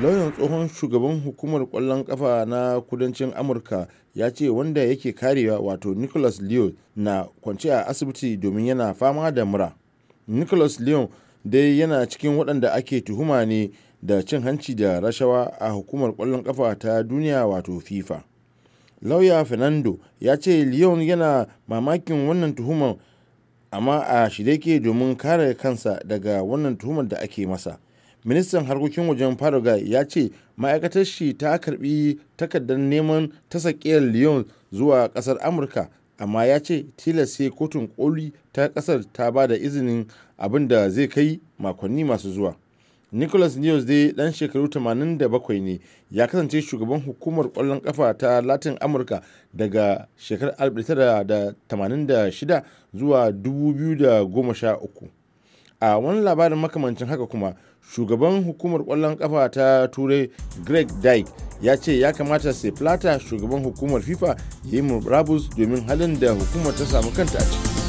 Lauyan tsohon shugaban hukumar kwallon kafa na Kudancin Amurka ya ce wanda yake karewa wato Nicholas leon na kwance a asibiti domin yana fama da mura. Nicholas leon dai yana cikin waɗanda ake tuhuma ne da cin hanci da rashawa a hukumar kwallon kafa ta duniya wato FIFA. Lauya Fernando ya ce Leon yana mamakin wannan tuhumar amma a shirye ke domin kare kansa daga wannan tuhumar da ake masa. ministan harkokin wajen paraguay ya ce ma'aikatar shi ta karbi takardar neman tasakiyar lyon zuwa kasar amurka amma ya ce tilas sai kotun koli ta kasar ta ba da izinin abin da zai kai makonni masu zuwa nicholas news dai dan shekaru 87 ne ya kasance shugaban hukumar kwallon kafa ta latin amurka daga shekarar 1986 zuwa 2013 a wani labarin makamancin haka kuma shugaban hukumar kwallon kafa ta turai greg dyke ya ce ya kamata sai plata shugaban hukumar fifa ya yi murabus domin halin da hukumar ta samu kanta a ciki